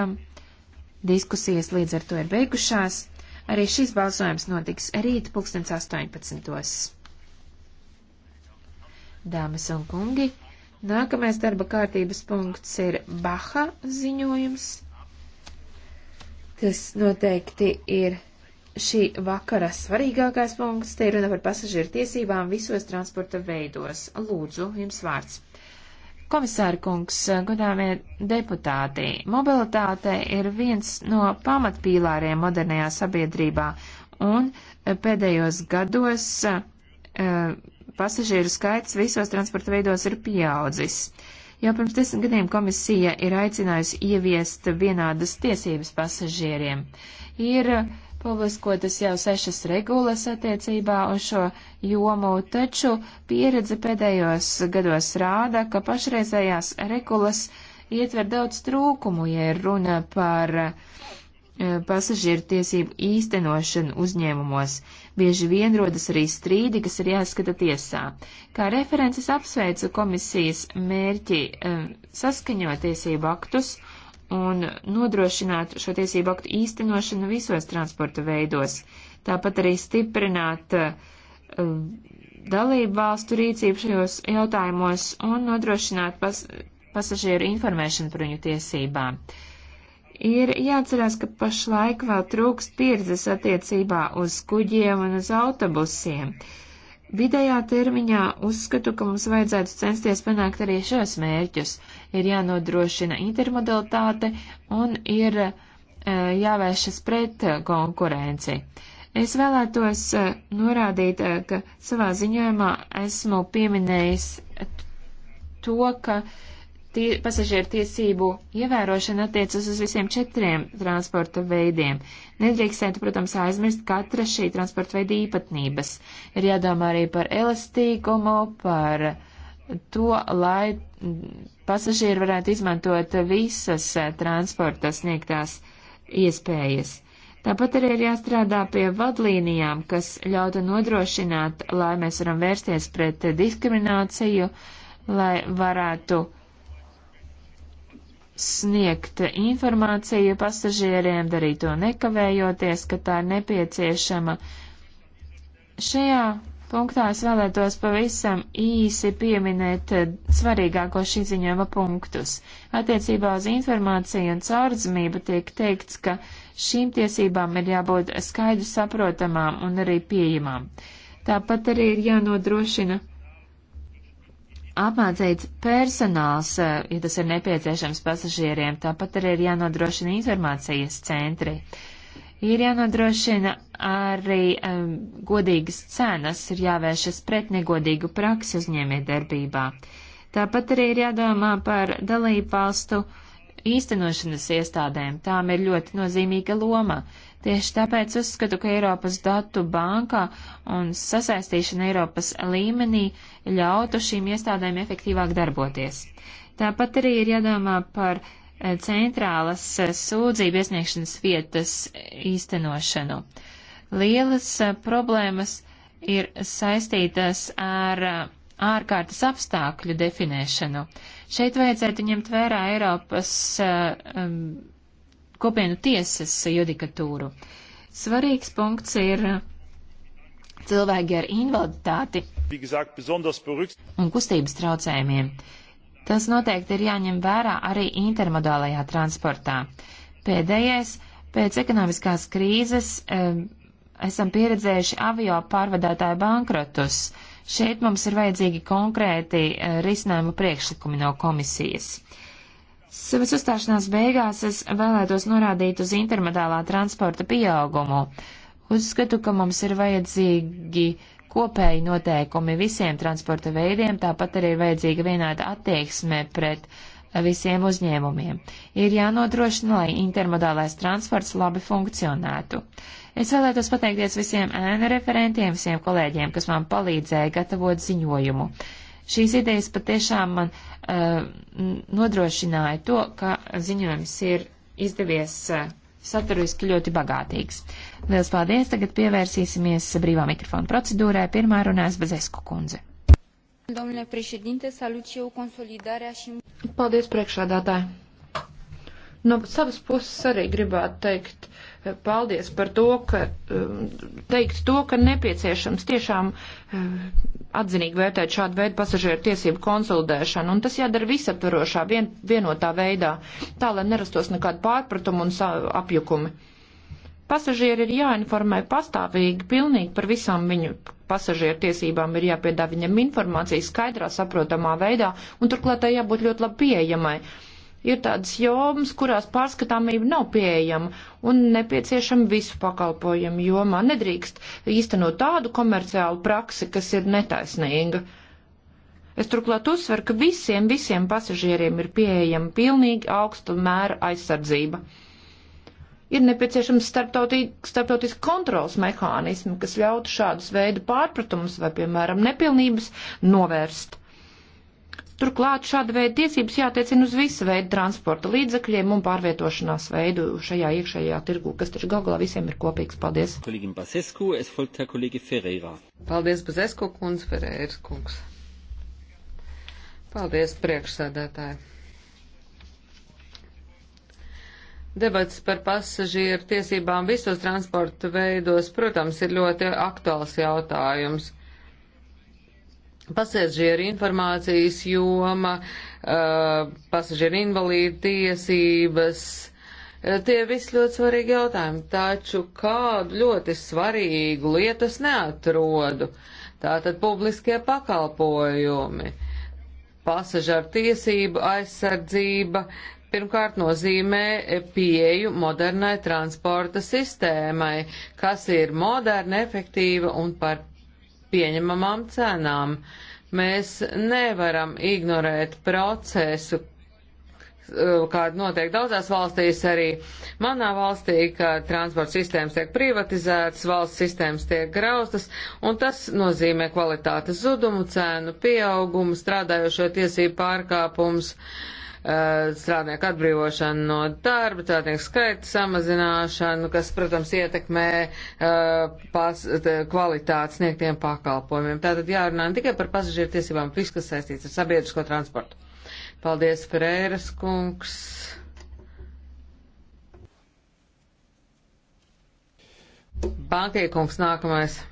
Um, diskusijas līdz ar to ir beigušās. Arī šis balsojums notiks rīt 2018. Dāmas un kungi, nākamais darba kārtības punkts ir Baha ziņojums. Tas noteikti ir šī vakara svarīgākais punkts. Te ir runa par pasažieru tiesībām visos transporta veidos. Lūdzu, jums vārds. Komisāra kungs, godāmie deputāti, mobilitāte ir viens no pamatpīlāriem modernajā sabiedrībā, un pēdējos gados e, pasažieru skaits visos transporta veidos ir pieaudzis. Jau pirms desmit gadiem komisija ir aicinājusi ieviest vienādas tiesības pasažieriem. Ir publiskotas jau sešas regulas attiecībā uz šo jomu, taču pieredze pēdējos gados rāda, ka pašreizējās regulas ietver daudz trūkumu, ja ir runa par eh, pasažieru tiesību īstenošanu uzņēmumos. Bieži vien rodas arī strīdi, kas ir jāskata tiesā. Kā references apsveicu komisijas mērķi eh, saskaņot tiesību aktus un nodrošināt šo tiesību aktu īstenošanu visos transporta veidos, tāpat arī stiprināt uh, dalību valstu rīcību šajos jautājumos un nodrošināt pas pasažieru informēšanu par viņu tiesībām. Ir jāatcerās, ka pašlaik vēl trūkst pieredzes attiecībā uz kuģiem un uz autobusiem. Uh, Vidējā termiņā uzskatu, ka mums vajadzētu censties panākt arī šos mērķus. Ir jānodrošina intermodalitāte un ir e, jāvēršas pret eh, konkurenci. Es vēlētos e, norādīt, ka savā ziņojumā esmu pieminējis to, ka uh, tie, pasažieru tiesību ievērošana attiecas uz visiem četriem transporta veidiem. Nedrīkstētu, protams, aizmirst katra šī transporta veida īpatnības. Ir jādomā arī par elastīgumu, par to, lai pasažieri varētu izmantot visas transporta sniegtās iespējas. Tāpat arī ir jāstrādā pie vadlīnijām, kas ļauta nodrošināt, lai mēs varam vērsties pret diskrimināciju, lai varētu uh, sniegt informāciju pasažieriem, darīt to nekavējoties, ka tā ir nepieciešama. Šajā punktā es vēlētos pavisam īsi pieminēt eh, svarīgāko šī ziņojuma punktus. Attiecībā uz informāciju un caurdzamību tiek teikts, ka šīm tiesībām ir jābūt skaidri saprotamām un arī pieejamām. Tāpat arī ir jānodrošina apmācīts personāls, eh, ja tas ir nepieciešams pasažieriem, tāpat arī ir jānodrošina informācijas centri. Ir jānodrošina arī um, godīgas cenas, ir jāvēršas pret negodīgu praksi uzņēmē darbībā. Tāpat arī ir jādomā par dalību valstu uh, īstenošanas iestādēm tām ir ļoti nozīmīga loma. Tieši tāpēc uzskatu, ka Eiropas datu bankā un sasaistīšana Eiropas līmenī ļautu šīm iestādēm efektīvāk darboties. Tāpat arī ir jādomā par e, centrālas e, sūdzību iesniegšanas vietas īstenošanu. Lielas e, problēmas ir saistītas ar ārkārtas apstākļu definēšanu. Šeit vajadzētu ņemt vērā Eiropas eh, um, kopienu tiesas judikatūru. Svarīgs punkts ir cilvēki ar invaliditāti un kustības traucējumiem. Tas noteikti ir jāņem vērā arī intermodālajā transportā. Pēdējais, pēc ekonomiskās krīzes um, esam pieredzējuši avio pārvadātāju bankrotus. Uh, Šeit mums ir vajadzīgi konkrēti e, risinājumu priekšlikumi no komisijas. Savas uzstāšanās beigās es vēlētos norādīt uz intermodālā transporta pieaugumu. Uzskatu, ka mums ir vajadzīgi kopēji noteikumi visiem transporta veidiem, tāpat arī ir vajadzīga vienāda attieksme pret e, visiem uzņēmumiem. Ir jānodrošina, lai intermodālais transports labi funkcionētu. Uh, Es vēlētos pateikties visiem ēnu referentiem, visiem kolēģiem, kas man palīdzēja gatavot ziņojumu. Šīs idejas patiešām man uh, nodrošināja to, ka ziņojums ir izdevies uh, saturiski ļoti bagātīgs. Lielas paldies! Tagad pievērsīsimies brīvā mikrofona procedūrai. Pirmā runās Bazesku kundze. Domnule președinte, salut și eu consolidarea și... Paldies, priekšādātāji! No savas puses arī gribētu teikt paldies par to, ka um, teikt to, ka nepieciešams tiešām um, atzinīgi vērtēt šādu veidu pasažieru tiesību konsolidēšanu, un tas jādara visaptvarošā, vien, vienotā veidā, tā, lai nerastos nekādu pārpratumu un apjukumi. Pasažieri ir jāinformē pastāvīgi, pilnīgi par visām viņu pasažieru tiesībām ir jāpiedāvā viņam informācija skaidrā, saprotamā veidā, un turklāt tai jābūt ļoti labi pieejamai ir tādas jomas, kurās pārskatāmība nav pieejama un nepieciešama visu pakalpojumu jomā. Nedrīkst īstenot tādu komerciālu praksi, kas ir netaisnīga. Es turklāt uzsveru, ka visiem, visiem pasažieriem ir pieejama pilnīgi augsta mēra aizsardzība. Ir nepieciešams starptautiski kontrols mehānismi, kas ļautu šādus veidu pārpratumus vai, piemēram, nepilnības novērst. Turklāt šāda veida tiesības jātiecina uz visu veidu transporta līdzakļiem un pārvietošanās veidu šajā iekšējā tirgu, kas taču galvā visiem ir kopīgs. Paldies! Basesku, Paldies, Bazesko kundze, Ferēras kungs! Paldies, priekšsēdētāji! Debats par pasažieru tiesībām visos transporta veidos, protams, ir ļoti aktuāls jautājums pasažieru informācijas joma, uh, pasažieru invalīdu tiesības. Uh, tie visi ļoti svarīgi jautājumi, taču kādu ļoti svarīgu lietu es neatrodu. Tātad publiskie pakalpojumi, pasažieru tiesību aizsardzība pirmkārt nozīmē pieeju modernai transporta sistēmai, kas ir moderna, efektīva un par pieņemamām cenām. Mēs nevaram ignorēt procesu, eh, kāda notiek daudzās valstīs, arī manā valstī, ka transporta sistēmas tiek privatizētas, valsts sistēmas tiek graustas, un tas nozīmē kvalitātes zudumu, cēnu pieaugumu, strādājošo tiesību pārkāpumus. Uh, Eh, strādnieku atbrīvošanu no darba, strādnieku skaita samazināšanu, kas, protams, ietekmē uh, pas, kvalitāti sniegtiem pakalpojumiem. Tātad jārunā ne tikai par pasažieru tiesībām, viss, kas saistīts ar sabiedrisko transportu. Paldies, Ferēras kungs. Bankie kungs nākamais.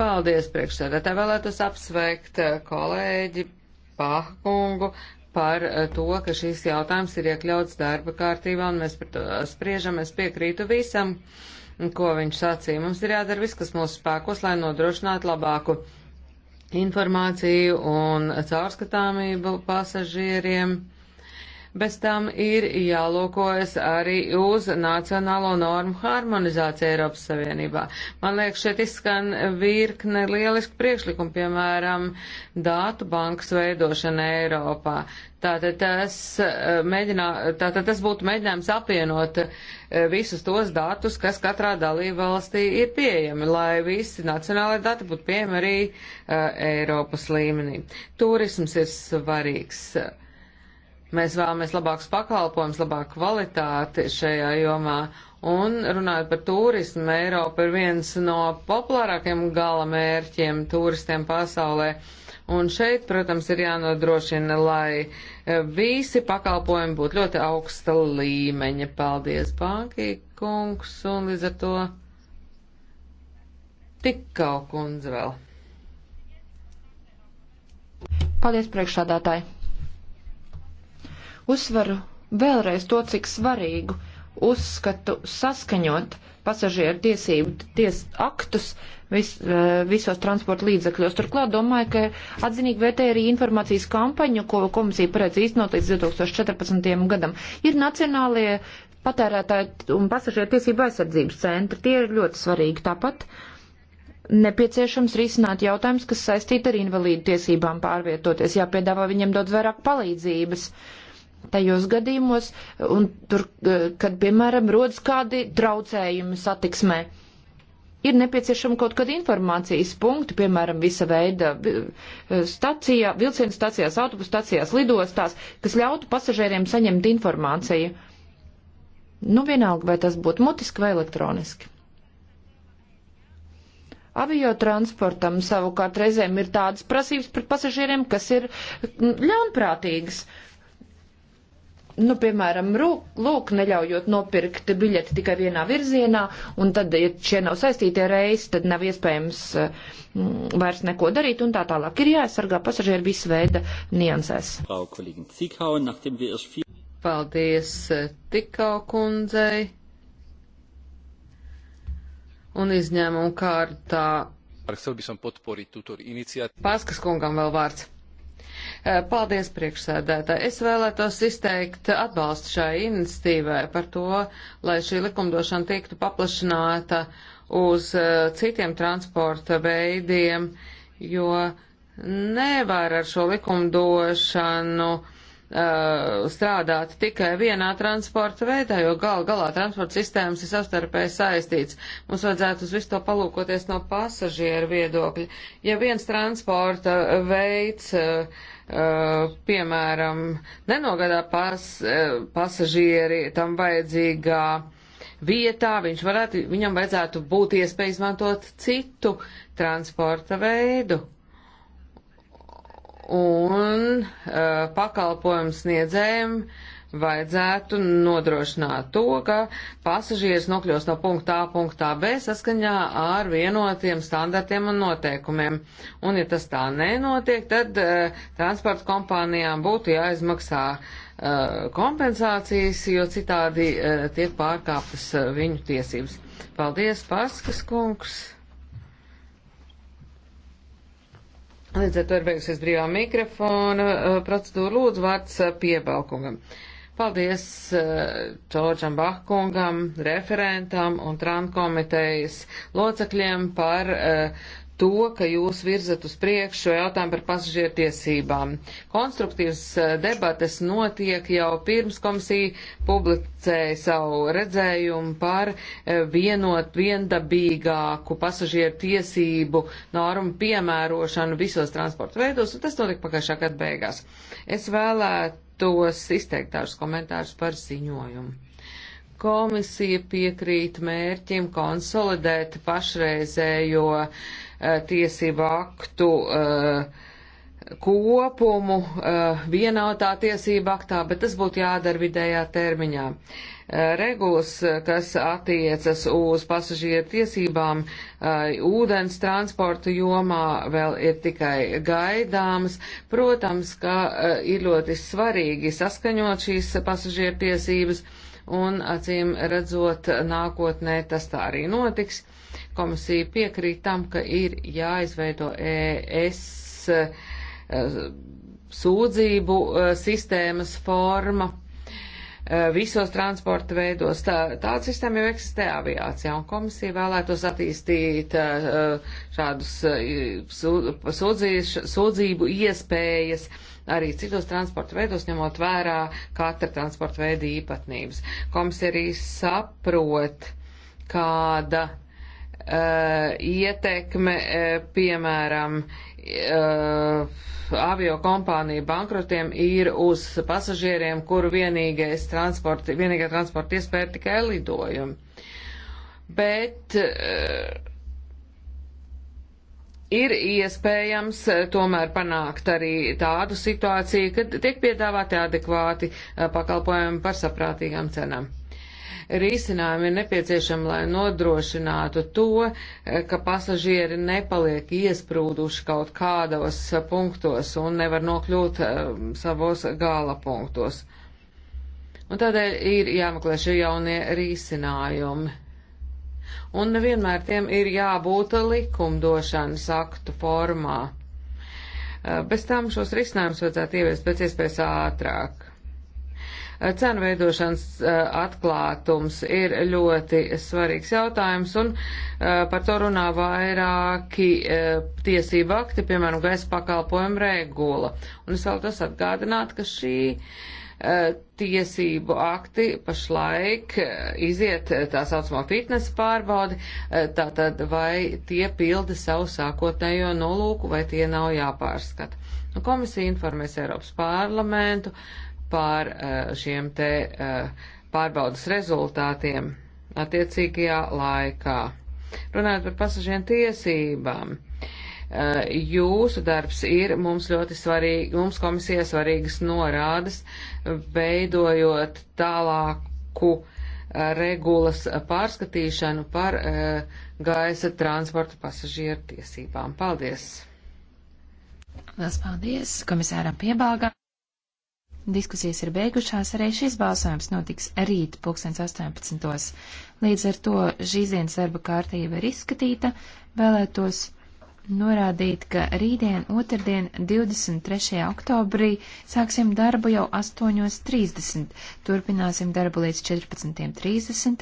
Paldies, priekšsēdētāji. Vēlētos apsveikt eh, kolēģi Pahkungu par eh, to, ka šīs jautājums ir iekļauts darba kārtībā un mēs par to spriežam. Es piekrītu visam, ko viņš sacīja. Mums ir jādara viss, kas mūsu spēkos, lai nodrošinātu labāku informāciju un caurskatāmību pasažieriem Bez tam ir jālūkojas arī uz nacionālo normu harmonizāciju Eiropas Savienībā. Man liekas, šeit izskan virkne lielisku priekšlikumu, piemēram, dātu bankas veidošana Eiropā. Tātad tas, eh, mēģinā, tātad tas būtu mēģinājums apvienot eh, visus tos datus, kas katrā dalībvalstī ir pieejami, lai visi nacionālai dati būtu pieejami arī uh, Eiropas līmenī. Turisms ir svarīgs. Uh, Mēs vēlamies labākus pakalpojumus, labāku kvalitāti šajā jomā. Un runājot par turismu, Eiropa ir viens no populārākiem galamērķiem turistiem pasaulē. Un šeit, protams, ir jānodrošina, lai e, visi pakalpojumi būtu ļoti augsta līmeņa. Paldies, Pankī kungs, un līdz ar to tikau kundze vēl. Paldies, priekšādātāji! Uzsvaru vēlreiz to, cik svarīgu uzskatu saskaņot pasažieru tiesību ties aktus vis, eh, visos transporta līdzakļos. Turklāt domāju, ka atzinīgi vērtēja arī informācijas kampaņu, ko komisija paredz īstenot līdz 2014. gadam. Ir nacionālie patērētāju un pasažieru tiesību aizsardzības centri. Tie ir ļoti svarīgi tāpat. Nepieciešams risināt jautājums, kas saistīta ar invalīdu tiesībām pārvietoties, jāpiedāvā viņiem daudz vairāk palīdzības. Uh, tajos gadījumos, un tur, eh, kad, piemēram, rodas kādi traucējumi satiksmē. Ir nepieciešama kaut kāda informācijas punkta, piemēram, visa veida eh, stacijā, vilcienu stacijās, autobus stacijās, lidostās, kas ļautu pasažieriem saņemt informāciju. Nu, vienalga, vai tas būtu mutiski vai elektroniski. Aviotransportam savukārt reizēm ir tādas prasības pret pasažieriem, kas ir mm, ļaunprātīgas. Uh, nu, piemēram, rūk, lūk, neļaujot nopirkt biļeti tikai vienā virzienā, un tad, ja šie nav saistītie reisi, tad nav iespējams mm, vairs neko darīt, un tā tālāk ir jāaizsargā pasažieri visu veidu niansēs. Paldies eh, Tikau kundzei. Un izņēmumu kārtā. Paskas kungam vēl vārds. Eh, paldies, priekšsēdētāji. Es vēlētos izteikt atbalstu šai iniciatīvai par to, lai šī likumdošana tiktu paplašināta uz eh, citiem transporta veidiem, jo nevar ar šo likumdošanu eh, strādāt tikai vienā transporta veidā, jo gal galā transporta sistēmas ir savstarpēji saistīts. Mums vajadzētu uz visu to palūkoties no pasažieru viedokļa. Ja viens transporta veids uh, Eh, piemēram, nenogādā pas, eh, pasažieri tam vajadzīgā vietā, viņš varētu, viņam vajadzētu būt iespēja izmantot citu transporta veidu. Un uh, eh, pakalpojums sniedzējiem uh, vajadzētu nodrošināt to, ka pasažieris nokļūst no punktā A punktā B saskaņā ar vienotiem standartiem un noteikumiem. Un ja tas tā nenotiek, tad uh, transporta kompānijām būtu jāizmaksā uh, kompensācijas, jo citādi uh, tiek pārkāptas uh, viņu tiesības. Paldies, Pārskas kungs! Līdz ar to ir beigusies brīvā mikrofona procedūra. Lūdzu, vārds piebalkungam. Uh, Paldies Čorģam eh, Bahkungam, referentam un Trankomitejas locekļiem par eh, to, ka jūs virzat uz priekšu šo jautājumu par pasažieru tiesībām. Konstruktīvas eh, debates notiek jau pirms komisija publicēja savu redzējumu par vienot viendabīgāku pasažieru tiesību normu piemērošanu visos transporta veidos, un tas notika pagājušā gada beigās. Es vēlētu vēlētos izteikt dažus komentārus par ziņojumu. Komisija piekrīt mērķim konsolidēt pašreizējo uh, tiesību aktu uh, kopumu eh, vienotā tiesība aktā, bet tas būtu jādara vidējā termiņā. Eh, regulas, kas attiecas uz pasažieru tiesībām, eh, ūdens transporta jomā vēl ir tikai gaidāmas. Protams, ka ir ļoti svarīgi saskaņot šīs pasažieru tiesības un acīm redzot nākotnē tas tā arī notiks. Komisija piekrīt tam, ka ir jāizveido ES Eh, sūdzību eh, sistēmas forma eh, visos transporta veidos. Tā, tāda sistēma jau eksistē aviācijā, un komisija vēlētos attīstīt šādus sūdzīs, sūdzību iespējas arī citos transporta veidos, ņemot vērā katra transporta veida īpatnības. Komisija arī saprot, kāda Uh, ietekme, uh, piemēram, uh, avio kompāniju bankrotiem ir uz pasažieriem, kuru vienīgais transporta, vienīgā transporta iespēja ir tikai lidojumi. Bet ir iespējams tomēr panākt arī tādu situāciju, kad tiek piedāvāti adekvāti pakalpojumi par saprātīgām cenām. Risinājumi ir nepieciešami, lai nodrošinātu to, eh, ka pasažieri nepaliek iesprūduši kaut kādos punktos un nevar nokļūt eh, savos gala punktos. Un tādēļ ir jāmeklē šie jaunie risinājumi. Un nevienmēr tiem ir jābūt likumdošanas aktu formā. Eh, bez tam šos risinājumus vajadzētu ieviest pēc iespējas ātrāk. Eh, cenu veidošanas eh, atklātums ir ļoti svarīgs jautājums, un eh, par to runā vairāki tiesība akti, piemēram, gaisa pakalpojuma regula. Un es vēl tas atgādināt, ka šī tiesību akti pašlaik iziet tā saucamo fitnesa pārbaudi, tātad vai tie pilda savu sākotnējo nolūku, vai tie nav jāpārskata. Nu, komisija informēs Eiropas parlamentu par eh, šiem te eh, pārbaudas rezultātiem attiecīgajā laikā. Runājot par pasažiem tiesībām, eh, jūsu darbs ir mums ļoti svarīgi, mums komisija svarīgas norādes, veidojot tālāku regulas pārskatīšanu par gaisa transporta pasažieru tiesībām. Paldies! Lielas paldies komisāram Piebalgam! Diskusijas ir beigušās, arī šis balsojums notiks rīt, 2018. Līdz ar to šīs dienas darba kārtība ir izskatīta, vēlētos norādīt, ka rītdien, otrdien, 23. oktobrī, sāksim darbu jau 8.30, turpināsim darbu līdz 14.30.